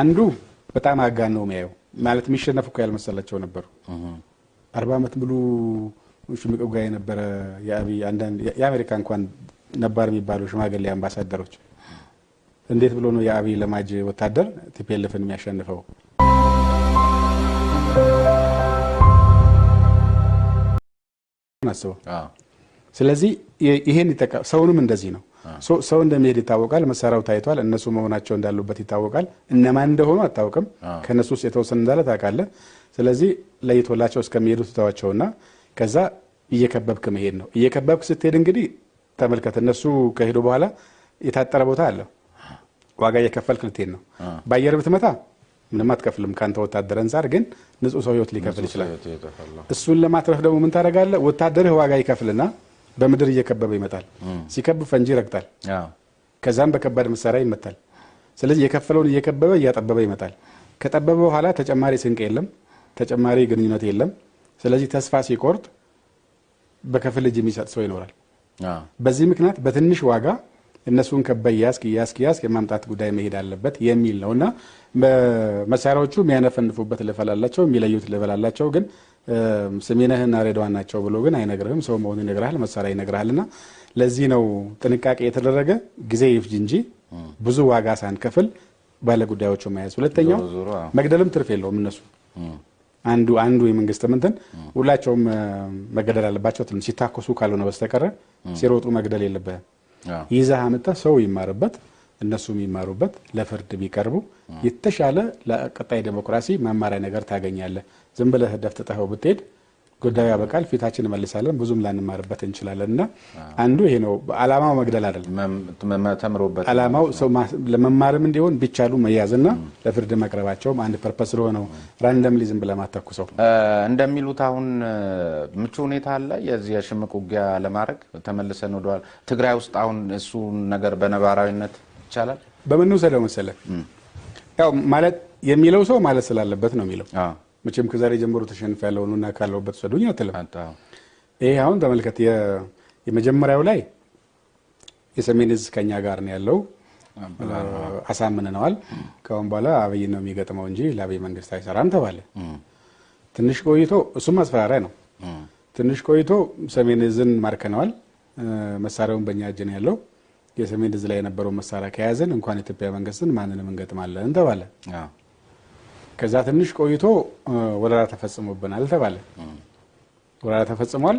አንዱ በጣም አጋን ነው የሚያየው ማለት የሚሸነፍ እኮ ያልመሰላቸው ነበሩ። አርባ ዓመት ሙሉ ሽምቅ ውጋ የነበረ የአብይ አንዳንድ የአሜሪካ እንኳን ነባር የሚባሉ ሽማግሌ አምባሳደሮች እንዴት ብሎ ነው የአብይ ለማጅ ወታደር ቲፒኤልኤፍን የሚያሸንፈው? ስለዚህ ይሄን ይጠቀ ሰውንም እንደዚህ ነው ሰው እንደሚሄድ ይታወቃል። መሳሪያው ታይቷል። እነሱ መሆናቸው እንዳሉበት ይታወቃል። እነማን እንደሆኑ አታውቅም። ከእነሱ ውስጥ የተወሰነ እንዳለ ታውቃለህ። ስለዚህ ለይቶላቸው እስከሚሄዱ ትተዋቸውና ከዛ እየከበብክ መሄድ ነው። እየከበብክ ስትሄድ እንግዲህ ተመልከት፣ እነሱ ከሄዱ በኋላ የታጠረ ቦታ አለው። ዋጋ እየከፈልክ ልትሄድ ነው። በአየር ብትመታ ምንም አትከፍልም። ከአንተ ወታደር አንጻር ግን ንጹህ ሰው ህይወት ሊከፍል ይችላል። እሱን ለማትረፍ ደግሞ ምን ታደርጋለህ? ወታደርህ ዋጋ ይከፍልና በምድር እየከበበ ይመጣል። ሲከብ ፈንጂ ይረግጣል። ከዛም በከባድ መሳሪያ ይመታል። ስለዚህ የከፈለውን እየከበበ እያጠበበ ይመጣል። ከጠበበ በኋላ ተጨማሪ ስንቅ የለም፣ ተጨማሪ ግንኙነት የለም። ስለዚህ ተስፋ ሲቆርጥ በከፊል እጅ የሚሰጥ ሰው ይኖራል። በዚህ ምክንያት በትንሽ ዋጋ እነሱን ከበ እያስክ እያስክ እያስክ የማምጣት ጉዳይ መሄድ አለበት የሚል ነው እና መሳሪያዎቹ የሚያነፈንፉበት ልፈላላቸው የሚለዩት ልፈላላቸው ግን ስሜነህና ሬድዋን ናቸው ብሎ ግን አይነግርህም። ሰው መሆኑ ይነግርሃል፣ መሳሪያ ይነግርሃል። እና ለዚህ ነው ጥንቃቄ የተደረገ ጊዜ ይፍጅ እንጂ ብዙ ዋጋ ሳንከፍል ባለጉዳዮቹ መያዝ። ሁለተኛው መግደልም ትርፍ የለውም። እነሱ አንዱ አንዱ የመንግስት ምንትን ሁላቸውም መገደል አለባቸው። ትንሽ ሲታኮሱ ካልሆነ በስተቀረ ሲሮጡ መግደል የለብህም። ይዘህ አምጥተህ ሰው ይማርበት እነሱ የሚማሩበት ለፍርድ ቢቀርቡ የተሻለ ለቀጣይ ዴሞክራሲ መማሪያ ነገር ታገኛለህ። ዝም ብለህ ደፍጥጠኸው ብትሄድ ጉዳዩ ያበቃል። ፊታችን እንመልሳለን፣ ብዙም ላንማርበት እንችላለን። እና አንዱ ይሄ ነው። አላማው መግደል አይደለም፣ ተምሮበት አላማው ሰው ለመማርም እንዲሆን ቢቻሉ መያዝና ለፍርድ መቅረባቸውም አንድ ፐርፐስ ስለሆነው ራንደምሊ ዝም ብለህ ማታኩሰው እንደሚሉት አሁን ምቹ ሁኔታ አለ የዚህ የሽምቅ ውጊያ ለማድረግ ተመልሰን ወደኋላ ትግራይ ውስጥ አሁን እሱን ነገር በነባራዊነት ይቻላል በምንውሰደው መሰለህ ያው ማለት የሚለው ሰው ማለት ስላለበት ነው የሚለው መቼም ከዛሬ ጀምሮ ተሸንፍ ያለውን እና ካለውበት ሰዱኝ አትልም። ይሄ አሁን ተመልከት፣ የመጀመሪያው ላይ የሰሜን እዝ ከኛ ጋር ነው ያለው አሳምንነዋል። ከአሁን በኋላ አብይ ነው የሚገጥመው እንጂ ለአብይ መንግስት አይሰራም ተባለ። ትንሽ ቆይቶ እሱም ማስፈራሪያ ነው። ትንሽ ቆይቶ ሰሜን እዝን ማርከነዋል። መሳሪያውን በእኛ እጅ ነው ያለው። የሰሜን እዝ ላይ የነበረው መሳሪያ ከያዘን እንኳን ኢትዮጵያ መንግስትን ማንንም እንገጥማለን ተባለ። ከዛ ትንሽ ቆይቶ ወረራ ተፈጽሞብናል ተባለ። ወረራ ተፈጽሟል፣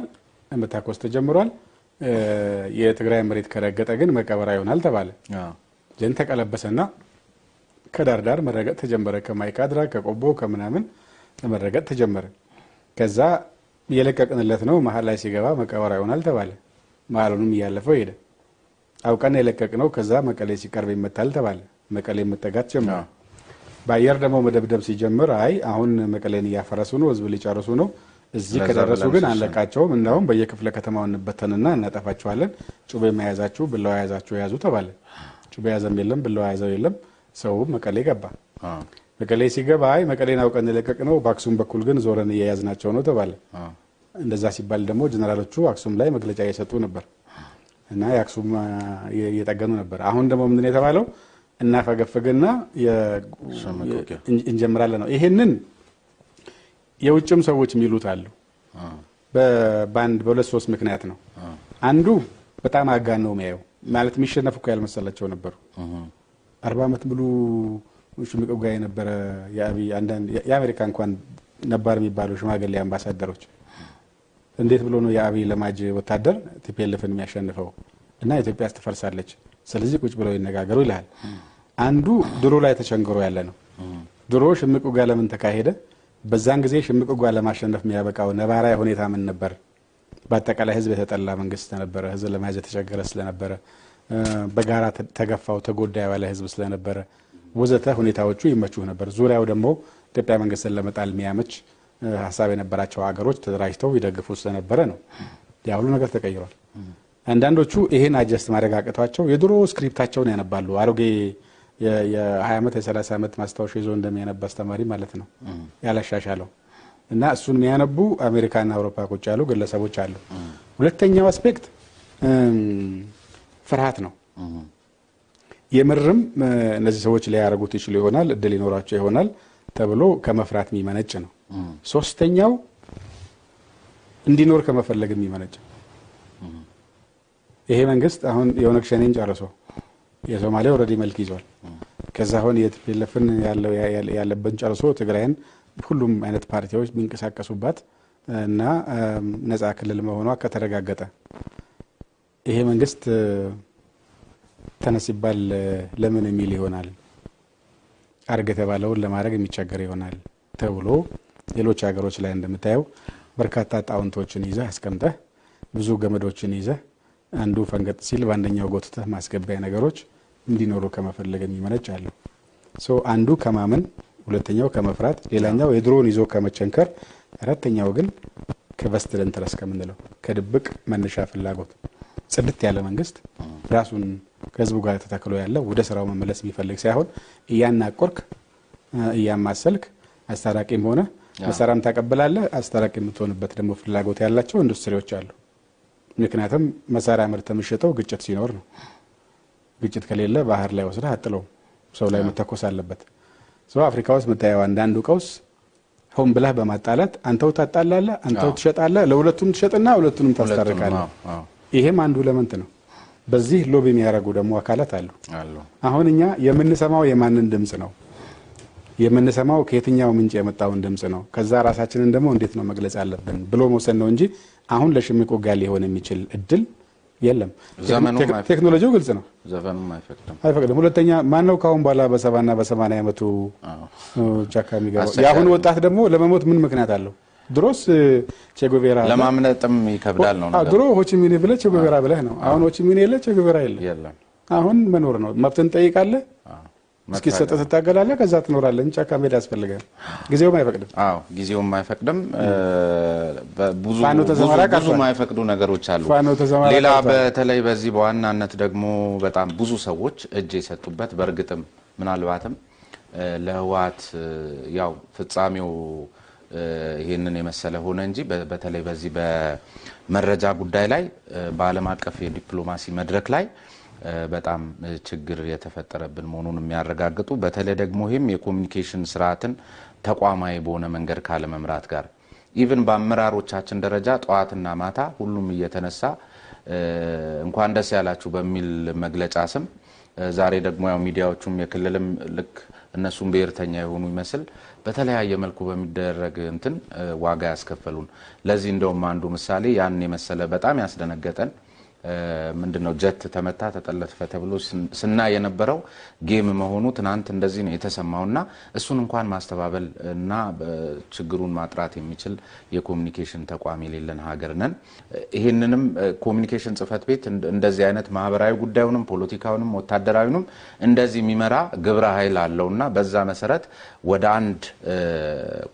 መታኮስ ተጀምሯል። የትግራይ መሬት ከረገጠ ግን መቀበራ ይሆናል ተባለ። ጀን ተቀለበሰና ከዳር ዳር መረገጥ ተጀመረ። ከማይካድራ ከቆቦ ከምናምን መረገጥ ተጀመረ። ከዛ የለቀቅንለት ነው። መሀል ላይ ሲገባ መቀበራ ይሆናል ተባለ። መሀሉንም እያለፈው ሄደ። አውቀን የለቀቅ ነው። ከዛ መቀሌ ሲቀርብ ይመታል ተባለ። መቀሌ መጠጋት ጀመረ። በአየር ደግሞ መደብደብ ሲጀምር አይ አሁን መቀሌን እያፈረሱ ነው፣ ህዝብ ሊጨርሱ ነው፣ እዚህ ከደረሱ ግን አንለቃቸውም፣ እንዳሁም በየክፍለ ከተማው እንበተንና እናጠፋችኋለን፣ ጩቤ መያዛችሁ ብለው የያዛችሁ የያዙ ተባለ። ጩቤ ያዘም የለም ብለው የያዘው የለም። ሰው መቀሌ ገባ። መቀሌ ሲገባ አይ መቀሌን አውቀን ለቀቅ ነው፣ በአክሱም በኩል ግን ዞረን እየያዝናቸው ነው ተባለ። እንደዛ ሲባል ደግሞ ጀነራሎቹ አክሱም ላይ መግለጫ እየሰጡ ነበር እና የአክሱም እየጠገኑ ነበር። አሁን ደግሞ ምንድን ነው የተባለው? እናፈገፍግና እንጀምራለን ነው። ይሄንን የውጭም ሰዎች የሚሉት አሉ። በአንድ በሁለት ሶስት ምክንያት ነው። አንዱ በጣም አጋን ነው የሚያየው ማለት የሚሸነፍ እኮ ያልመሰላቸው ነበሩ። አርባ ዓመት ብሉ ሽምቅብ ጋ የነበረ የአሜሪካ እንኳን ነባር የሚባሉ ሽማግሌ አምባሳደሮች እንዴት ብሎ ነው የአብይ ለማጅ ወታደር ቲፒኤልፍን የሚያሸንፈው እና ኢትዮጵያ ትፈርሳለች ስለዚህ ቁጭ ብለው ይነጋገሩ ይላል። አንዱ ድሮ ላይ ተቸንግሮ ያለ ነው። ድሮ ሽምቅ ውጊያ ለምን ተካሄደ? በዛን ጊዜ ሽምቅ ውጊያ ለማሸነፍ የሚያበቃው ነባራዊ ሁኔታ ምን ነበር? በአጠቃላይ ህዝብ የተጠላ መንግስት ስለነበረ፣ ህዝብ ለመያዝ የተቸገረ ስለነበረ፣ በጋራ ተገፋው ተጎዳ ያለ ህዝብ ስለነበረ ወዘተ ሁኔታዎቹ ይመቹ ነበር። ዙሪያው ደግሞ ኢትዮጵያ መንግስትን ለመጣል የሚያመች ሀሳብ የነበራቸው ሀገሮች ተደራጅተው ይደግፉ ስለነበረ ነው። ያ ሁሉ ነገር ተቀይሯል። አንዳንዶቹ ይሄን አጀስት ማድረግ አቅቷቸው የድሮ ስክሪፕታቸውን ያነባሉ። አሮጌ የ20 ዓመት የ30 ዓመት ማስታወሻ ይዞ እንደሚያነባ አስተማሪ ማለት ነው ያላሻሻለው እና እሱን የሚያነቡ አሜሪካና አውሮፓ ቁጭ ያሉ ግለሰቦች አሉ። ሁለተኛው አስፔክት ፍርሃት ነው። የምርም እነዚህ ሰዎች ሊያደርጉት ይችሉ ይሆናል፣ እድል ይኖራቸው ይሆናል ተብሎ ከመፍራት የሚመነጭ ነው። ሶስተኛው እንዲኖር ከመፈለግ የሚመነጭ ይሄ መንግስት አሁን የኦነግ ሸኔን ጨርሶ የሶማሌ ኦልሬዲ መልክ ይዟል። ከዛ አሁን የቲፒኤልኤፍን ያለበን ጨርሶ ትግራይን ሁሉም አይነት ፓርቲዎች የሚንቀሳቀሱባት እና ነፃ ክልል መሆኗ ከተረጋገጠ ይሄ መንግስት ተነስ ይባል ለምን የሚል ይሆናል። አድርግ የተባለውን ለማድረግ የሚቸገር ይሆናል ተብሎ ሌሎች ሀገሮች ላይ እንደምታየው በርካታ ጣውንቶችን ይዘህ አስቀምጠህ ብዙ ገመዶችን ይዘህ አንዱ ፈንገጥ ሲል በአንደኛው ጎትተህ ማስገቢያ ነገሮች እንዲኖሩ ከመፈለግ የሚመነጭ አለ። አንዱ ከማመን፣ ሁለተኛው ከመፍራት፣ ሌላኛው የድሮውን ይዞ ከመቸንከር፣ አራተኛው ግን ከቨስትድ ከምንለው ከድብቅ መነሻ ፍላጎት ጽድት ያለ መንግስት ራሱን ከህዝቡ ጋር ተተክሎ ያለ ወደ ስራው መመለስ የሚፈልግ ሳይሆን እያናቆርክ እያማሰልክ አስታራቂም ሆነ መሰራም ታቀብላለህ። አስታራቂ የምትሆንበት ደግሞ ፍላጎት ያላቸው ኢንዱስትሪዎች አሉ። ምክንያቱም መሳሪያ ምርት የምሸጠው ግጭት ሲኖር ነው። ግጭት ከሌለ ባህር ላይ ወስደህ አጥለውም፣ ሰው ላይ መተኮስ አለበት። አፍሪካ ውስጥ የምታየው አንዳንዱ ቀውስ ሆን ብለህ በማጣላት አንተው ታጣላለህ፣ አንተው ትሸጣለህ፣ ለሁለቱም ትሸጥና ሁለቱንም ታስታርቃለህ። ይሄም አንዱ ለመንት ነው። በዚህ ሎቢ የሚያደርጉ ደግሞ አካላት አሉ። አሁን እኛ የምንሰማው የማንን ድምፅ ነው? የምንሰማው ከየትኛው ምንጭ የመጣውን ድምፅ ነው፣ ከዛ ራሳችንን ደግሞ እንዴት ነው መግለጽ አለብን ብሎ መውሰድ ነው እንጂ አሁን ለሽምቅ ውጋ ሊሆን የሚችል እድል የለም። ቴክኖሎጂው ግልጽ ነው፣ አይፈቅድም። ሁለተኛ ማን ነው ከአሁን በኋላ በሰባና በሰማንያ ዓመቱ ጫካ የሚገባው? የአሁኑ ወጣት ደግሞ ለመሞት ምን ምክንያት አለው? ድሮስ ቼጎቬራ ለማምነጥም ይከብዳል ነው። ድሮ ሆቺሚኒ ብለህ ቼጎቬራ ብለህ ነው። አሁን ሆቺሚኒ የለ ቼጎቬራ የለ። አሁን መኖር ነው። መብትን ጠይቃለህ እስኪሰጠ ትታገላለህ፣ ከዛ ትኖራለህ ጫካ ያስፈልጋል። ጊዜውም አይፈቅድም። አዎ ጊዜውም አይፈቅድም። ብዙ ማይፈቅዱ ነገሮች አሉ። ሌላ በተለይ በዚህ በዋናነት ደግሞ በጣም ብዙ ሰዎች እጅ የሰጡበት በእርግጥም ምናልባትም ለህወሓት ያው ፍጻሜው ይህንን የመሰለ ሆነ እንጂ በተለይ በዚህ በመረጃ ጉዳይ ላይ በዓለም አቀፍ የዲፕሎማሲ መድረክ ላይ በጣም ችግር የተፈጠረብን መሆኑን የሚያረጋግጡ በተለይ ደግሞ ይህም የኮሚኒኬሽን ስርዓትን ተቋማዊ በሆነ መንገድ ካለመምራት ጋር ኢቭን በአመራሮቻችን ደረጃ ጠዋትና ማታ ሁሉም እየተነሳ እንኳን ደስ ያላችሁ በሚል መግለጫ ስም ዛሬ ደግሞ ያው ሚዲያዎቹም የክልልም ልክ እነሱም ብሔርተኛ የሆኑ ይመስል በተለያየ መልኩ በሚደረግ እንትን ዋጋ ያስከፈሉን። ለዚህ እንደውም አንዱ ምሳሌ ያን የመሰለ በጣም ያስደነገጠን ምንድነው ጀት ተመታ ተጠለፈ ተብሎ ስና የነበረው ጌም መሆኑ ትናንት እንደዚህ ነው የተሰማውና እሱን እንኳን ማስተባበል እና ችግሩን ማጥራት የሚችል የኮሚኒኬሽን ተቋም የሌለን ሀገር ነን። ይህንንም ኮሚኒኬሽን ጽሕፈት ቤት እንደዚህ አይነት ማህበራዊ ጉዳዩንም ፖለቲካውንም ወታደራዊንም እንደዚህ የሚመራ ግብረ ኃይል አለውና በዛ መሰረት ወደ አንድ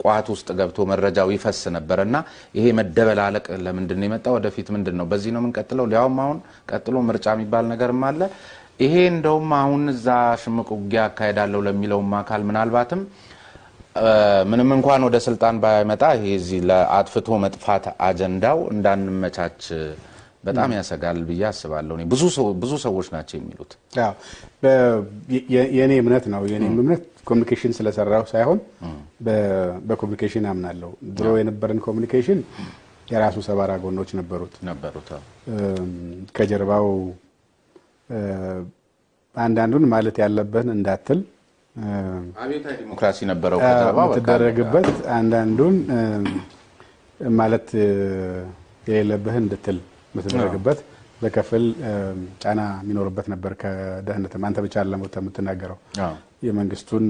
ቋት ውስጥ ገብቶ መረጃው ይፈስ ነበረና ይሄ መደበላለቅ ለምንድን ነው የመጣ ወደፊት ምንድን ነው በዚህ ነው የምንቀጥለው ሊያውም አሁን ቀጥሎ ምርጫ የሚባል ነገርም አለ። ይሄ እንደውም አሁን እዛ ሽምቅ ውጊያ አካሄዳለሁ ለሚለውም አካል ምናልባትም ምንም እንኳን ወደ ስልጣን ባይመጣ ይሄ እዚህ ለአጥፍቶ መጥፋት አጀንዳው እንዳንመቻች በጣም ያሰጋል ብዬ አስባለሁ። ብዙ ሰዎች ናቸው የሚሉት። የእኔ እምነት ነው። የእኔ እምነት ኮሚኒኬሽን ስለሰራው ሳይሆን በኮሚኒኬሽን አምናለሁ። ድሮ የነበረን ኮሚኒኬሽን የራሱ ሰባራ ጎኖች ነበሩት ነበሩት። ከጀርባው አንዳንዱን ማለት ያለብህን እንዳትል አብዮታዊ ዲሞክራሲ ነበረው የምትደረግበት፣ አንዳንዱን ማለት የሌለብህ እንድትል የምትደረግበት በከፍል ጫና የሚኖርበት ነበር። ከደህንነትም አንተ ብቻ ለሞት የምትናገረው የመንግስቱን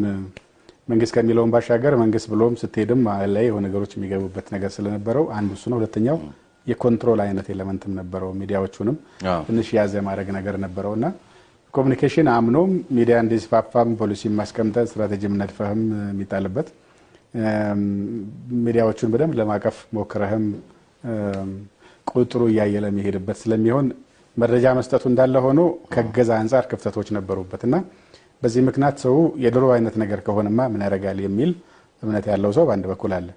መንግስት ከሚለውን ባሻገር መንግስት ብሎም ስትሄድም ላይ የሆነ ነገሮች የሚገቡበት ነገር ስለነበረው አንዱ እሱ ነው። ሁለተኛው የኮንትሮል አይነት ኤለመንትም ነበረው። ሚዲያዎቹንም ትንሽ ያዘ ማድረግ ነገር ነበረው እና ኮሚኒኬሽን አምኖም ሚዲያ እንዲስፋፋም ፖሊሲ ማስቀምጠን ስትራቴጂም ነድፈህም የሚጣልበት ሚዲያዎቹን በደንብ ለማቀፍ ሞክረህም ቁጥሩ እያየለ የሚሄድበት ስለሚሆን መረጃ መስጠቱ እንዳለ ሆኖ ከገዛ አንጻር ክፍተቶች ነበሩበት እና በዚህ ምክንያት ሰው የድሮ አይነት ነገር ከሆነማ ምን ያደርጋል የሚል እምነት ያለው ሰው በአንድ በኩል አለ።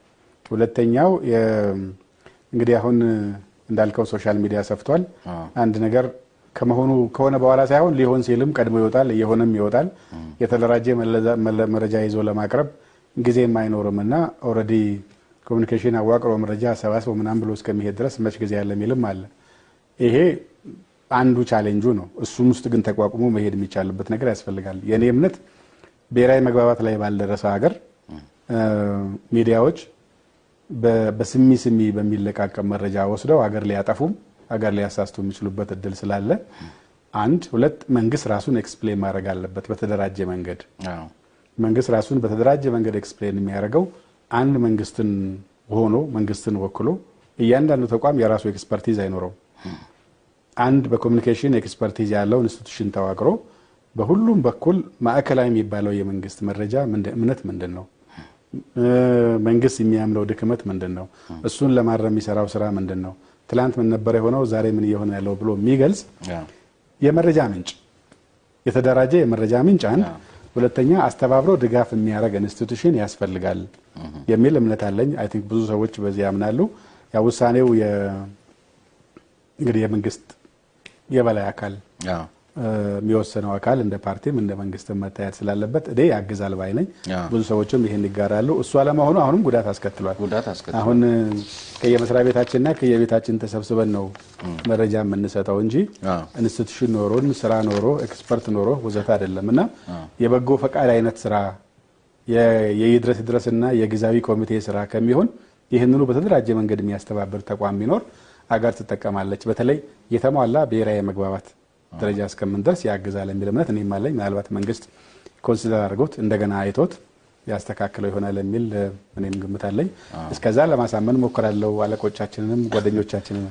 ሁለተኛው እንግዲህ አሁን እንዳልከው ሶሻል ሚዲያ ሰፍቷል። አንድ ነገር ከመሆኑ ከሆነ በኋላ ሳይሆን ሊሆን ሲልም ቀድሞ ይወጣል፣ እየሆነም ይወጣል። የተደራጀ መረጃ ይዞ ለማቅረብ ጊዜም አይኖርም እና ኦልሬዲ ኮሚኒኬሽን አዋቅሮ መረጃ አሰባስቦ ምናምን ብሎ እስከሚሄድ ድረስ መች ጊዜ ያለ የሚልም አለ ይሄ አንዱ ቻሌንጁ ነው። እሱም ውስጥ ግን ተቋቁሞ መሄድ የሚቻልበት ነገር ያስፈልጋል። የእኔ እምነት ብሔራዊ መግባባት ላይ ባልደረሰ ሀገር ሚዲያዎች በስሚ ስሚ በሚለቃቀም መረጃ ወስደው ሀገር ሊያጠፉም ሀገር ሊያሳስቱ የሚችሉበት እድል ስላለ አንድ ሁለት መንግስት ራሱን ኤክስፕሌን ማድረግ አለበት በተደራጀ መንገድ። መንግስት ራሱን በተደራጀ መንገድ ኤክስፕሌን የሚያደርገው አንድ መንግስትን ሆኖ መንግስትን ወክሎ እያንዳንዱ ተቋም የራሱ ኤክስፐርቲዝ አይኖረው አንድ በኮሚኒኬሽን ኤክስፐርቲዝ ያለው ኢንስቲቱሽን ተዋቅሮ በሁሉም በኩል ማዕከላዊ የሚባለው የመንግስት መረጃ እምነት ምንድን ነው? መንግስት የሚያምነው ድክመት ምንድን ነው? እሱን ለማረም የሚሰራው ስራ ምንድን ነው? ትላንት ምን ነበር የሆነው? ዛሬ ምን እየሆነ ያለው ብሎ የሚገልጽ የመረጃ ምንጭ፣ የተደራጀ የመረጃ ምንጭ አንድ፣ ሁለተኛ አስተባብሮ ድጋፍ የሚያደርግ ኢንስቲቱሽን ያስፈልጋል የሚል እምነት አለኝ። አይ ቲንክ ብዙ ሰዎች በዚህ ያምናሉ። ያ ውሳኔው እንግዲህ የመንግስት የበላይ አካል የሚወሰነው አካል እንደ ፓርቲም እንደ መንግስትም መታየት ስላለበት እኔ ያግዛል ባይ ነኝ። ብዙ ሰዎችም ይህን ይጋራሉ። እሱ አለመሆኑ አሁንም ጉዳት አስከትሏል። አሁን ከየመስሪያ ቤታችንና ከየቤታችን ተሰብስበን ነው መረጃ የምንሰጠው እንጂ ኢንስቲትዩሽን ኖሮን ስራ ኖሮ ኤክስፐርት ኖሮ ወዘተ አይደለም እና የበጎ ፈቃድ አይነት ስራ የይድረስ ድረስና የጊዜያዊ ኮሚቴ ስራ ከሚሆን ይህንኑ በተደራጀ መንገድ የሚያስተባብር ተቋም ቢኖር አገር ትጠቀማለች። በተለይ የተሟላ ብሔራዊ መግባባት ደረጃ ድረስ ያግዛል የሚል እምነት እኔም አለኝ። ምናልባት መንግስት ኮንሲደር አድርጎት እንደገና አይቶት ያስተካክለው ይሆናል የሚል እኔም ግምት አለኝ። እስከዛ ለማሳመን ሞክራለሁ አለቆቻችንንም ጓደኞቻችንን